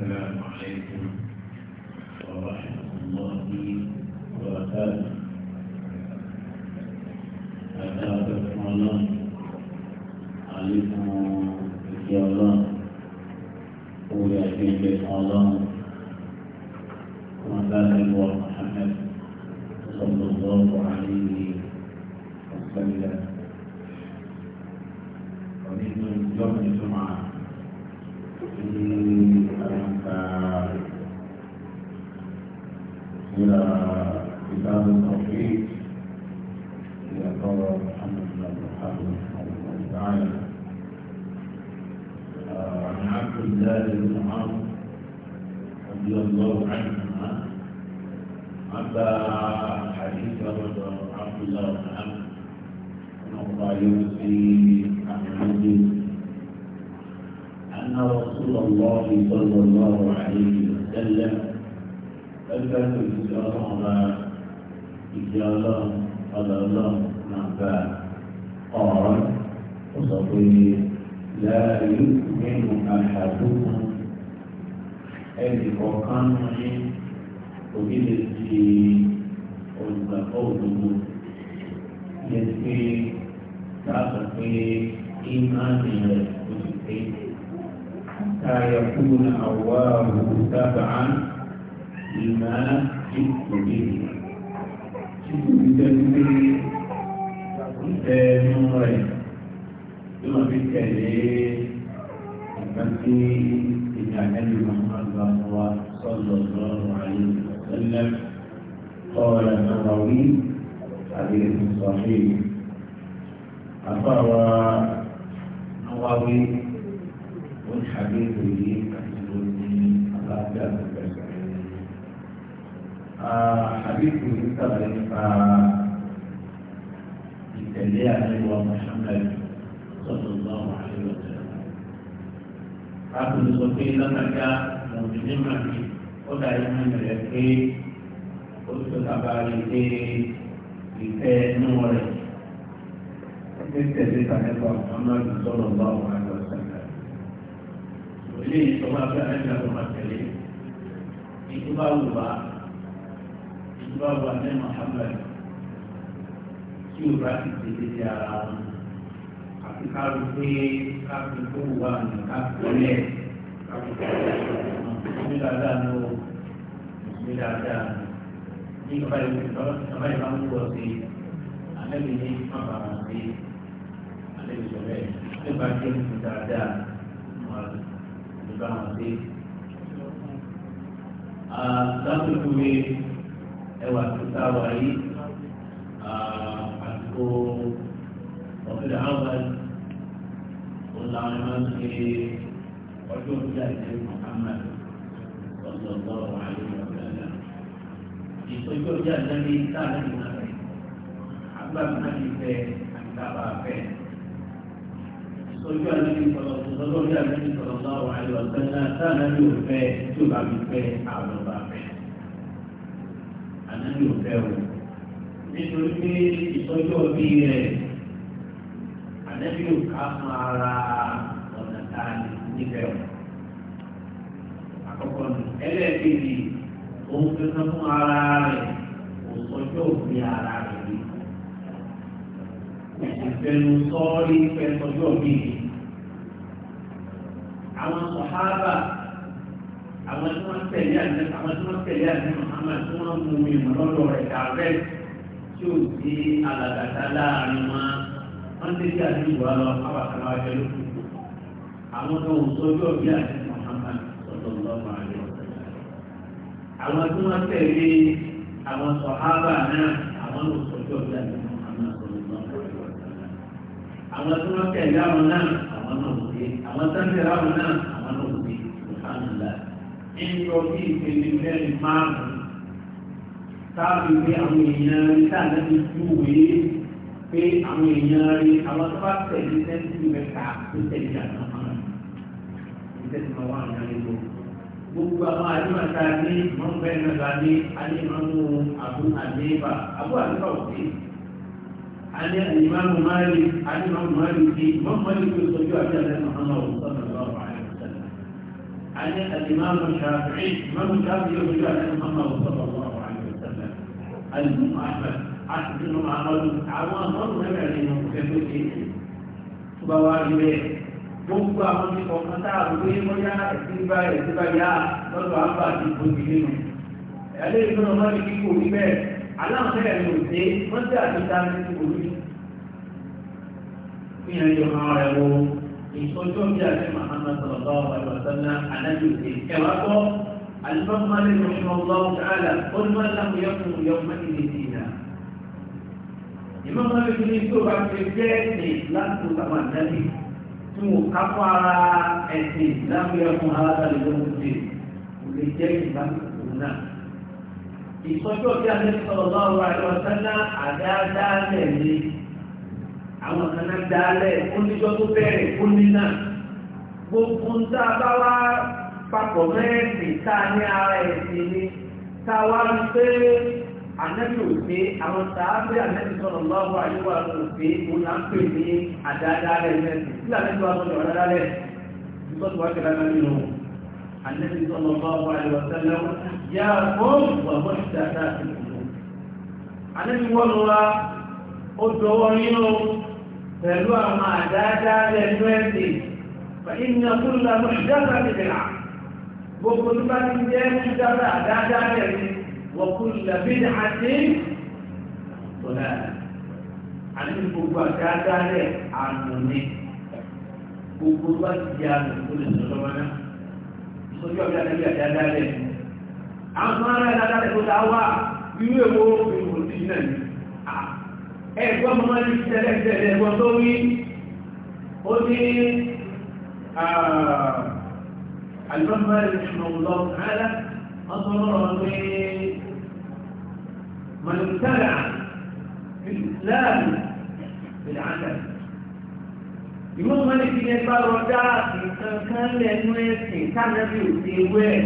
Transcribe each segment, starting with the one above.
السلام عليكم ورحمة الله وبركاته أتابع الله عليكم يا الله ويا الله عمر رضي الله عنهما عند حديث عبد الله بن عمرو أنه يوصي عن أن رسول الله صلى الله عليه وسلم أكثر الإجارة إجارة قال الله نعم قال وصفي لا يؤمن أحدكم ẹnì kọ̀ọ̀kan nù ní òbí lè di olùgbàgbọ́ òdodo yẹ pé dáàbò pé ìmáàmì rẹ̀ kò sì pé táyà kúrò ní àwa òwò dábàá ìmọ̀ ìkòlè títí ìjẹ́ni pé ìfẹ́ nínú rẹ̀ yóò fi tẹ̀lé ìgbà tí. بأهل محمد صلى الله عليه وسلم قال النووي حديث صحيح أفوى النووي من حديثه حديثه سبعين فإتليها أيوة محمد akpọ̀lọ̀ sọ pé lọ́kàjá mọ̀mìnì màmí ó dàrí mú ìrẹ̀ pé ó ti sọ̀tà bá rí pé ìfẹ́ inú rẹ̀ ti tẹ̀lé kàlẹ́kọ̀ amadu sọ̀rọ̀ bá wà lọ sàkà. Ilé ìsọ̀rọ̀ abẹ́ àyẹ̀dá ló máa tẹ̀lé. Ìjọba wù wá ìjọba wù wá ní Muhammad tí o ti tẹ̀lé ti ara wọn. Àti ká ló pé káfí tó wà ní káfí lẹ̀ káfí tó wà ní dáadáa ní o ní dáadáa ní ìgbà yìí bàbá yìí máa ń wọ sí alẹ́bi ní bàbá wọn sí alẹ́bi sọ̀rọ̀ ẹ̀ ní bá jẹ́ ní dáadáa wọn ní bá wọn sí. Lásìkò mi ẹwà tó tá a wà yìí àtìkò ọ̀fẹ́lẹ̀ làwọn ẹ̀rọ ń ṣe ọjọ́ ìjà ìjẹ́ Muhammad ọ̀sọ̀ ọ̀sọ̀ àyè ọ̀gbẹ́lá. ìtọ́jú ọjà ìjẹ́bí táàlà ìmọ̀ rẹ̀ agbára náà ti fẹ́ àgbàbà fẹ́. ìtọ́jú àjẹ́bí sọ̀rọ̀ sọ̀rọ̀ ọjà ìjẹ́bí sọ̀rọ̀ sọ̀rọ̀ àyè rẹ̀ ànábì ò ká fún ara ọ̀nà tá a lè níbẹ̀ ọ̀. àkọ́kọ́ ni ẹlẹ́ẹ̀kejì òun kankan fún ara rẹ̀ kò sọjọ́ òfin ara rẹ̀ rí. ìfẹ̀nu sọ́ọ́rí fẹ́ sọjọ́ mi ni. àwọn sọ̀hábà àwọn tí wọ́n tẹ̀lé àti àwọn tí wọ́n tẹ̀lé àti Muhammad tí wọ́n mú mi mọ́ lọ́dọ̀ rẹ̀ dàrẹ́ tí ò sí alàgàtà láàrin wọn wọ́n ti ṣe àdúgbò wa lọ abàkàrà wa jẹ lókù àwọn tó ń sojú ọ̀bí àti Muhammad sọ̀tọ̀ lọ́wọ́ àlẹ́ àwọn tí wọ́n tẹ̀lé àwọn sọ̀hábà náà àwọn ló sojú ọ̀bí àti Muhammad sọ̀tọ̀ lọ́wọ́ àlẹ́ àwọn tí wọ́n tẹ̀lé àwọn náà àwọn náà wò dé àwọn tí wọ́n tẹ̀lé àwọn náà àwọn náà wò dé alhamdulillah ẹnjọ bí ìpele mẹ́rin márùn-ún pé àwọn èèyàn rí àwọn tó bá tẹ̀lé sẹ́ńtì mẹ́ta tó tẹ̀lé àná kan ìtẹ́sí máa wà ní àlejò gbogbo àwọn àdúrà ní mọ̀nbẹ́ nàgà ní alẹ́mọ̀mú àbú àdéhìbà àbú àdúrà òkè alẹ́ àlẹ́mọ̀mú máàlì alẹ́mọ̀mú máàlì ti mọ̀nbẹ́lì tó sọ́jú àbí alẹ́ mọ̀hánà òkúta lọ́wọ́ alẹ́ àlẹ́mọ̀mú sàfihì mọ̀nbẹ́lì tó sọ́jú àbí alẹ́ mọ̀hánà òkúta lọ́wọ́ alẹ́ àti nínú àmọ́lù àwọn àmọ́lù mẹ́rin nínú ẹgbẹ́ ṣe tó bá wá rí bẹ́ẹ̀ gbogbo àwọn tí kọ̀ọ̀kan tá a gbé mọ́yá ìdíbà ìdíbà yá lọ́dọ̀ àbá àti ìbòjì nínú ẹ̀lẹ́ ìgbọ́nà máa ní kíkò rí bẹ́ẹ̀ aláwọn tẹ́lẹ̀ ní òde wọ́n tẹ́ àtúntà ní kíkò rí fi hàn yọ àwọn rẹ̀ wo ìtọ́jú bí àti Muhammad sallallahu alaihi wasallam anájú òde ẹ̀wá kọ́ alifọ́n máa lè lọ́ọ́ ìmọ̀ náà lè fi ní tí o bá ti jẹ́ ẹ̀sìn láti tó àwọn àjáde tí mo ká fún ara ẹ̀sìn láti yẹ fún lọ́wọ́ ṣe kò lè jẹ́ ìbámu òun náà. ìsọjú ọ̀bí àti sallallahu alaihi wasallam àdáadáalẹ̀ ni àwọn kan náà dáalẹ̀ oníjọ́ tó bẹ̀rẹ̀ ó ní náà gbogbo ń tá a bá wá papọ̀ mẹ́rin tá a ní ara ẹ̀sìn ni tá wá rí pé ànẹ́bí ò pé àwọn sàábé ànẹ́bí sọ̀rọ̀ lọ́wọ́ àyíwá ò pé ó là ń pè ní àdáadáa rẹ̀ lẹ́sìn sílẹ̀ ànẹ́bí wa sọ̀rọ̀ àdáadáa rẹ̀ nítorí wàá kẹ́lá náà nínú ànẹ́bí sọ̀rọ̀ lọ́wọ́ àyíwá sẹ́lẹ̀ yá fún wàhùn ìdáadáa sí ìlú. ànẹ́bí wọ́n lọ wa ó dọwọ́ nínú pẹ̀lú àdáadáa rẹ̀ وكل بدعة ضلالة àti gbogbo àdáadáalẹ̀ àmì ni gbogbo wa ti di àmì tó lè sọ lọ́wọ́ náà ìsọjú àbí àtẹ́bí àdáadáalẹ̀ àwọn tó ń rẹ́ àdáadáalẹ̀ tó dá wà irú èwo ìwò sí náà ni ẹ̀gbọ́n mọ́mọ́ ní tẹ́lẹ̀ tẹ́lẹ̀ ẹ̀gbọ́n tó wí ó ní àlùfáà mọ́mọ́ ẹ̀rọ ìṣúná ọ̀dọ́ ọ̀hánlá wọ́n tó lọ́rọ̀ pé من ابتدع في الإسلام بالعدل ìwọ́n wọn lè fi lè bá lọ dá nǹkan kan lẹ́nu ẹ̀sìn káàdébí òsì ewé ẹ̀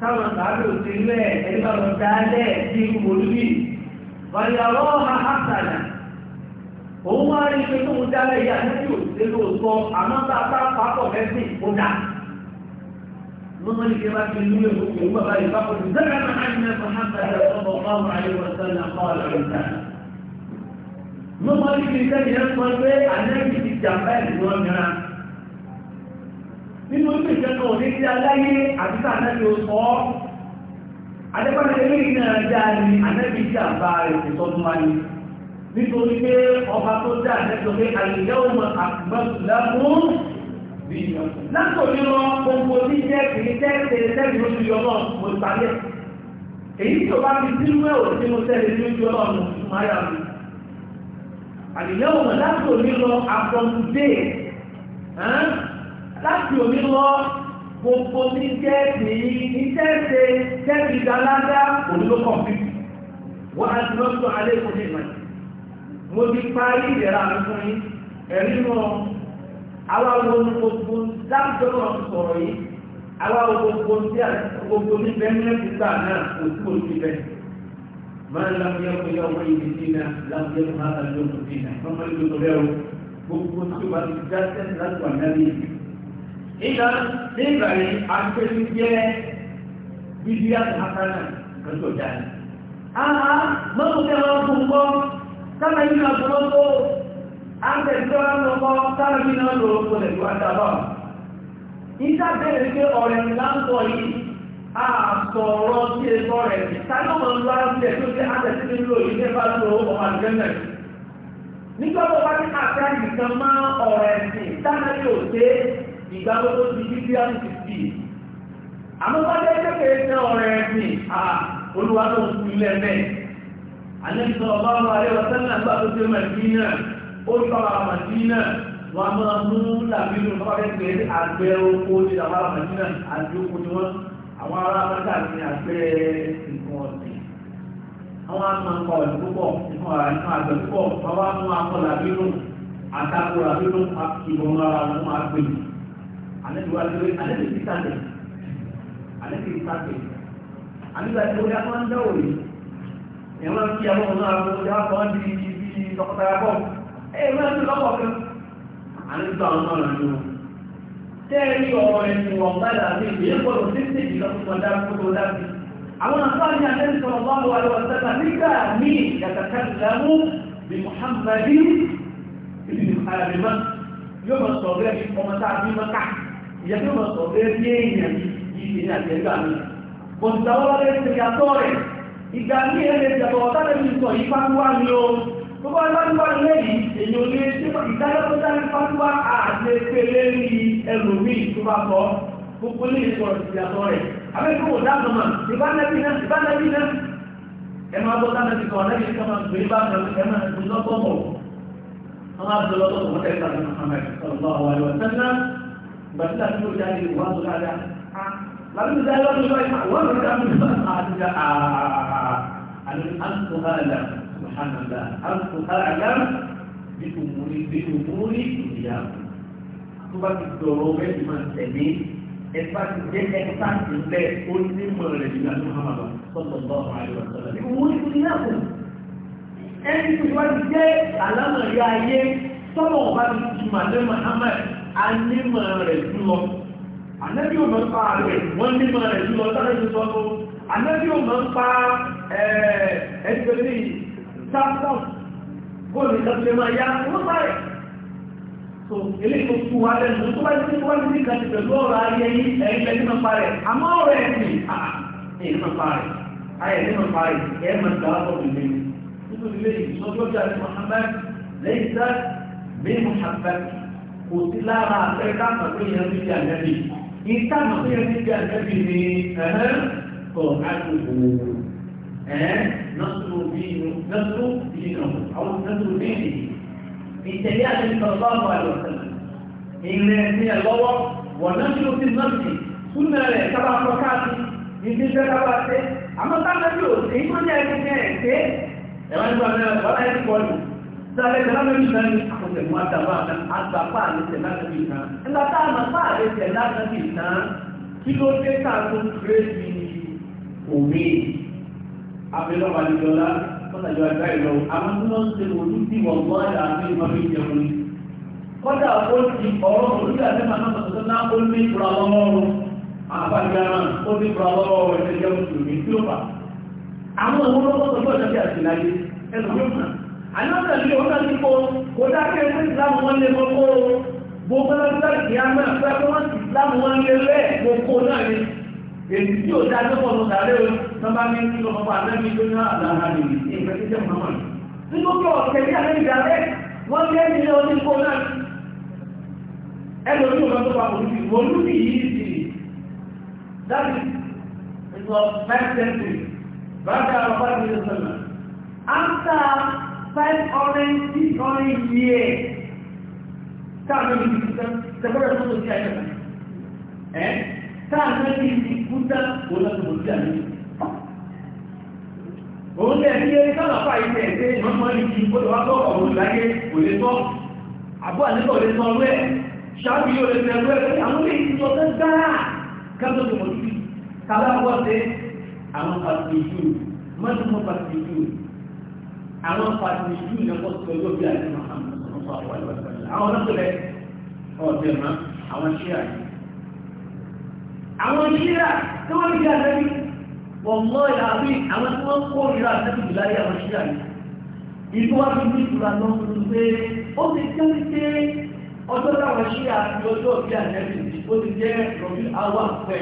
táwọn sàábì òsì ewé ẹ̀ ẹ̀rí bá lọ dá lẹ̀ sí mòlúbì wàyàwó àhásàlà òun wá rí pé tóun dá lẹ̀ yà ní òsì ewé òsọ àmọ́ tá a bá pàápọ̀ mẹ́sìn ó dà. مضي كما في الميوت وبغي فقد زعم أن محمد صلى الله عليه وسلم قال عيسى مضي في ذلك يصل أنك في الجبال والجنة nínú ilé ìjọba òní tí aláyé àtúntà anábì ó sọ ọ́ adẹ́pàdé eléyìí náà dáa ni anábì jẹ́ àbá rẹ̀ ti sọ fún wa ni nítorí pé ọba tó dá anábì sọ pé àyè yẹ́wò mọ̀ àkùnbọ̀n lábùú látò nínú gbogbo tí jẹ́ kìí tẹ́ẹ̀tẹ̀ tẹ́ẹ̀tẹ̀ lójú yọ náà mo sáré èyí tó bá fi sínú ẹ̀wọ̀ tí mo tẹ́lẹ̀ lójú náà mo fi máa yà mí àdìyẹ́wò mọ̀ látò nínú àfọ̀mùdé láti òní lọ gbogbo tí jẹ́ kìí ní tẹ́ẹ̀tẹ̀ tẹ́ẹ̀tẹ̀ ìdálágá òní ló kàn fi wọ́n á ti lọ́tọ̀ alẹ́ kò ní ìmọ̀ mo ti parí ìdẹ̀ra mi fún yín ẹ̀rí náà àwa wo ni gbogbo dáńtọ́ náà ti sọ̀rọ̀ yìí àwa wo gbogbo tí a gbogbo ní bẹ́ẹ̀ ti gbà náà kò sí òsì bẹ́ẹ̀. máa ń lọ́mọ yẹ́wò yẹ́wò wọ́n yìí ti dínà lọ́mọ yẹ́wò máa ń lọ́mọ dínà lọ́mọ yẹ́wò tó bẹ́ẹ̀ o gbogbo tí wàá ti dá sẹ́sì láti wà náà ní ìlú. ìlà ní ìgbà yìí àgbẹ̀lú jẹ́ bíbíà àkànà kẹjọ jáde. àhà mọ́tò tẹ́wọ́ fún kọ́ sábà yìí áńtẹ̀ tí wọ́n lọ kọ́ sáàrùn náà lọ kò lè wá dábà nígbà bẹ̀rẹ̀ pé ọ̀rẹ́ láńtọ̀ yìí a sọ̀rọ̀ sí ẹ̀kọ́ rẹ̀ táyọ̀mọ̀ lọ áńtẹ̀ tó ṣe áńtẹ̀ tí ń lò yìí ní bá lọ ọmọ àgbẹ̀mẹ̀ nígbà tó bá ní àṣà nìkan máa ọ̀rẹ́ sí dáná yóò dé ìgbà tó tó di bíbí àti ti àmúbájẹ́ kékeré tẹ ọ̀rẹ́ sí olúwa tó ń fi lẹ́mẹ̀ àlẹ́ ìsọ̀rọ̀ bá wà lẹ́wọ̀ sẹ́ńtà gbà tó ṣe mẹ̀ ó sọ́ra màdínà wọ́n máa mú làbínú lọ́pàá pé àgbẹ̀ oko ní làbára màdínà àti oko ni wọ́n àwọn ará mẹ́ta ní àgbẹ̀ nǹkan ọ̀sìn àwọn amọ̀nkọ̀ púpọ̀ nǹkan àgbẹ̀ púpọ̀ bàbá mú akọ làbínú àtakò làbínú ìbọn ara أنا أقول لك أن صلى الله عليه وسلم مين يتكلم بمحمد بن حارمة يوم الصغير يوم الصغير يوم الصغير يوم الصغير يوم الصغير يوم الصغير يوم الصغير يوم الصغير يوم الصغير يوم الصغير يوم الصغير يوم الصغير يوم الصغير tó bá lọ́dúnwá lẹ́yìn èyí ò ní tí ìdájọ́kọ́já ní fásitì àti ẹgbẹ́ lẹ́yìn ẹlòmíì tó bá kọ́ gbogbo ní ìsọ̀rọ̀ ìyàtọ̀ rẹ̀ abẹ́kọ̀ wò dáàbò mà ìbánẹ́bí náà ìbánẹ́bí náà ẹ máa bọ́ sáàbẹ̀bí kan lẹ́yìn tí wọ́n gbé bá kan ẹ máa gbé lọ́tọ̀ọ̀tọ̀ wọ́n máa gbé lọ́tọ̀ọ̀tọ̀ wọ́n tẹ̀sán ní Muhammad sallallahu alaihi wa sallam gbàtúta tí ó jáde wà tó dáadáa lábẹ́ tó jáde lọ́dún lọ́yìn wọ́n lọ́dún lọ́dún lọ́dún àti àà àti àtúntò subhanallah alùpùpù àyà nínú múni nínú múni ìyá tó bá ti dọ̀rọ̀ mẹ́rin máa tẹ̀lé ẹ̀fà ti jẹ́ ẹ̀fà ti lẹ̀ ó ní mọ̀ rẹ̀ nígbà tó hàn bàbá sọ̀tọ̀ bá ọmọ ayé wa sọ̀rọ̀ nínú múni tó ní àpò ẹni tó bá ti jẹ́ alámọ̀rí ayé tọ́lọ̀ ti ti mà lẹ́ Muhammad a ní mọ̀ rẹ̀ jùlọ ànábì ò mọ̀ ń pa rẹ̀ wọ́n ní mọ̀ rẹ̀ jùlọ sáré ti sọ́kọ́ ànábì ò mọ̀ ń pa ẹ̀ẹ́dẹ́gbẹ̀rẹ́ sáfọ́n góòlù ìtọ́sílẹ̀ máa yá owó sáré tó eléyìí tó tu wa lẹ́nu tó bá ti wá ní ìka ti pẹ̀lú ọ̀rọ̀ ayé yìí ẹ̀yìn lẹ́yìn máa parẹ̀ àmọ́ ọ̀rọ̀ ẹ̀sìn ẹ̀yìn máa parẹ̀ ayé ẹ̀yìn máa parẹ̀ ẹ̀yìn máa gbà wọ́n mi lé nítorí lẹ́yìn sọ́jọ́jà ní Muhammad lẹ́yìn sá bí Muhammad kò sí lára àfẹ́ká pàtó yẹn ti di àjẹ́bí ìta pàtó yẹn ti di àjẹ́bí ni ẹ̀hẹ́ kọ̀ á ti wò ó نصر دينه نصر دينه أو نصر دينه في تبعه صلى الله عليه وسلم إن من الله ونشر في النفس سنة سبع ركعات يجي سبع أما تعالى جوز إيه ما جاء كذا كذا ẹ̀wọ́n nípa ní ọ̀rọ̀ láti pọ̀lù sáré tẹ̀lámẹ́bí náà ní àkọsẹ̀mú àtàwà àgbàpá àti tẹ̀lámẹ́bí náà nígbà tá àmà pá àti tẹ̀lámẹ́bí náà kí ló dé káàkó kérésì òwe abẹ́lọ́wà níjọlá tọ́tàjọ àgbá ìlọ àwọn tí wọ́n ń ṣe òjú sí wọ̀gbọ́n ẹ̀dà àti ìmọ̀lẹ́ ìjẹun ni kọ́dà ó ti ọ̀rọ̀ olúdà tí màá náà tọ́tọ́ náà ó ní ìfura lọ́wọ́ àbájára ó ní ìfura lọ́wọ́ ẹ̀ṣẹ̀ jẹ́ mùsùlùmí tí ó fà àwọn òun lọ́wọ́ tó gbọ́dọ̀ bí àtìláyé ẹnu yóò mọ̀ àyọ̀kà ní òun náà ti kó kó dákẹ́ ẹgbẹ́ ìsìlámù wọn lé kókó gbogbo lọ́dún láti yá mọ́ ẹgbẹ́ wọn ìsìlámù wọn lé lẹ́ẹ̀ kókó náà ni èyí tí ò dáa pọ̀ lọ́sàárẹ́ sábà ní kí lọ́mọ bá lẹ́bi tó ní àdáhà ní ìfẹ́ títẹ̀ mọ́mọ́ nítorí ọ̀sẹ̀ ní àlẹ́ ìjà rẹ̀ wọ́n lé ní ilé ọdún kó náà ẹlòmí òun tó pa olùdí olùdí yìí sì dábì ìtọ́ five century after five hundred six hundred years káàmì ìdí sẹ́kọ̀rẹ́ tó tó sí ayé rẹ̀ ẹ́ káàmì ìdí kúta òun náà òun lè ní ẹni sábà fà yìí tẹ̀ ṣe ìmọ̀mọ́ ní kí ó lọ wá bọ́ ọ̀rọ̀ láyé kò lè tọ́ àbúrò àníkọ̀ lè tọ́ ọ̀rẹ́ ṣáàbì yóò lè tẹ̀ ọ̀rẹ́ pé àwọn lè ti ọ̀tẹ́ dára kájọ́ tó mọ̀ sí kálá wọ́n tẹ àwọn pàtìlú mọ́tòmọ́ pàtìlú àwọn pàtìlú lẹ́kọ́ sí ọjọ́ bí àti Muhammad àwọn ọlọ́pẹ̀lẹ̀ ọ̀dẹ̀ mọ́ àwọn ṣíà àwọn ṣíà tí wọ́n fi wọ̀mọ́ ìyàbí àwọn tí wọ́n kó ìrà àtẹ́kùn láyé àwọn ṣíyà yìí ìlú wa fi ní ìtura lọ tuntun pé ó ti jẹ́ wípé ọjọ́ táwọn ṣíyà àti ọjọ́ bí àjẹ́bì ó ti jẹ́ rọ̀bí àwọn àfẹ́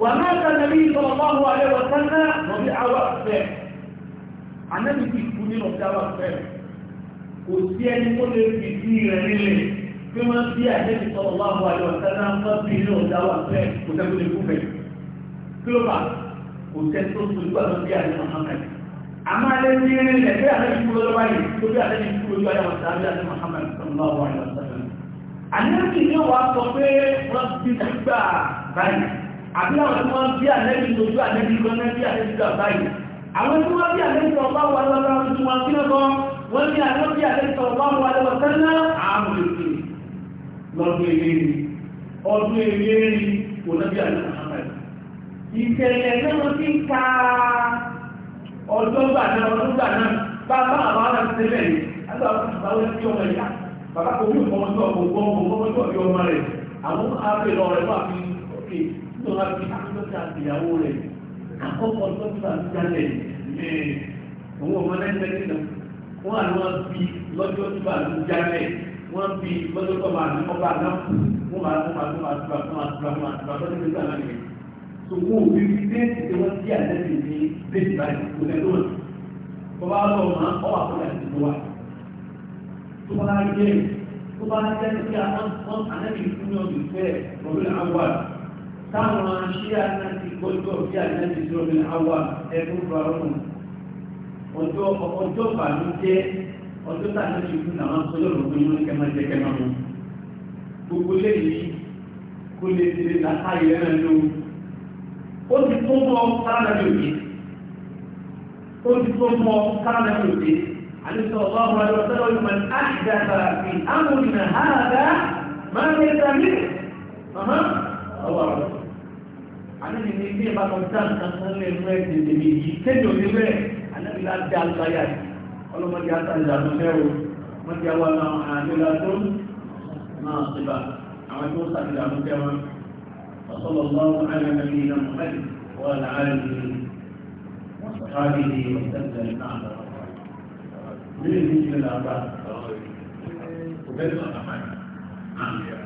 wà náà tẹ́lẹ̀ ní ìtọ́lọ́wọ́ alẹ́wọ̀ tẹ́lẹ̀ rọ̀bí àwọn àfẹ́ ànẹ́bì ti kú ní rọ̀bí àwọn àfẹ́ kò sí ẹni tó lè fi sí rẹ̀ nílẹ̀ global kò sẹ́tò pẹ̀lú àwọn bí àti Muhammad àmọ́ alẹ́ ní irin ilẹ̀ bí àti ìkúrò lọ́wọ́ yìí tó bí àti ìkúrò lọ́wọ́ yàwọn sàábí àti Muhammad sallallahu alaihi wasallam àníyànjú ni wà sọ pé wọ́n ti gbà báyìí àbí àwọn tí wọ́n bí àlẹ́bí lójú àlẹ́bí lọ́nà bí àlẹ́bí gbà báyìí àwọn tí wọ́n bí àlẹ́bí sọ̀rọ̀ bá wà lọ́wọ́ tí wọ́n bí ìṣẹ̀lẹ̀ náà ti ń ka ọjọ́ gbà náà ọdún gbà náà bàbá àwọn ará ti tẹ́lẹ̀ yìí lágbà báwọn ti ọmọ ìyá bàbá kò ní ọmọ ọjọ́ kò gbọ́ ọmọ ọjọ́ bí ọmọ rẹ̀ àwọn abẹ́rẹ́ ọ̀rẹ́ wà fi òkè nínú wọn fi àtúntà ìyàwó rẹ̀ àkọ́kọ́ tó ti bàbá jalẹ̀ ní òun ọmọ lẹ́sẹ̀kì náà wọ́n àná wọn fi lọ́jọ́ tó bàbá jalẹ̀ wọ́n fi lọ́jọ́ tó bàbá náà wọ́n máa tó máa tó máa tó máa tó máa tó máa tó máa tó máa tó máa tó máa tòun òbí rí déètì tí wọ́n ti àtẹ́sì ní déètì báyìí kò lẹ́nu wọn. tó bá lọ mọ ọwọ́ àkọọ́lẹ̀ àti tó wà. tó bá yẹ tó bá jẹ́ kí àwọn àtẹ́sì fún yọ ní fẹ́ ọ̀rẹ́ àwọn táwọn ṣí àtẹ́sì gbọ́dọ̀ bí àtẹ́sì tó ọ̀rẹ́ àwọn ẹ̀kú farahàn. ọjọ́ ọjọ́ bàlújẹ́ ọjọ́ tàbí fún àwọn sọ́jọ́ lọ́gbọ́n yóò kẹ́mọ́ jẹ́ kẹ́mọ́ mọ́. gbogbo lẹ́yìn kó lè tẹ̀lé látàrí ẹ̀rọ ó ti tó mọ́ sára ní òye ó ti tó mọ́ sára ní òye àlùsọ ọlọ́run àti ọ̀sẹ̀rọ̀ ìmọ̀ àṣìdàgbà fi ámúlìnà àádá máa ń tẹ́ta ní ọ̀hán ọwọ́ àwọn àlejò ní ilé ìbátan tán kankan lẹ́nu ẹ̀sìn tèmi yìí kéde òní bẹ́ẹ̀ àlejò láti dá àlùbáyà yìí ọlọ́mọdé àtàlìdàmú mẹ́wò wọ́n ti àwọn àmì àjọlá tó máa ti bà àwọn tó sàtìdàmú mẹ́wàá وصلى الله على نبينا محمد وعلى آله وصحبه وسلم بسم الله الرحمن الرحيم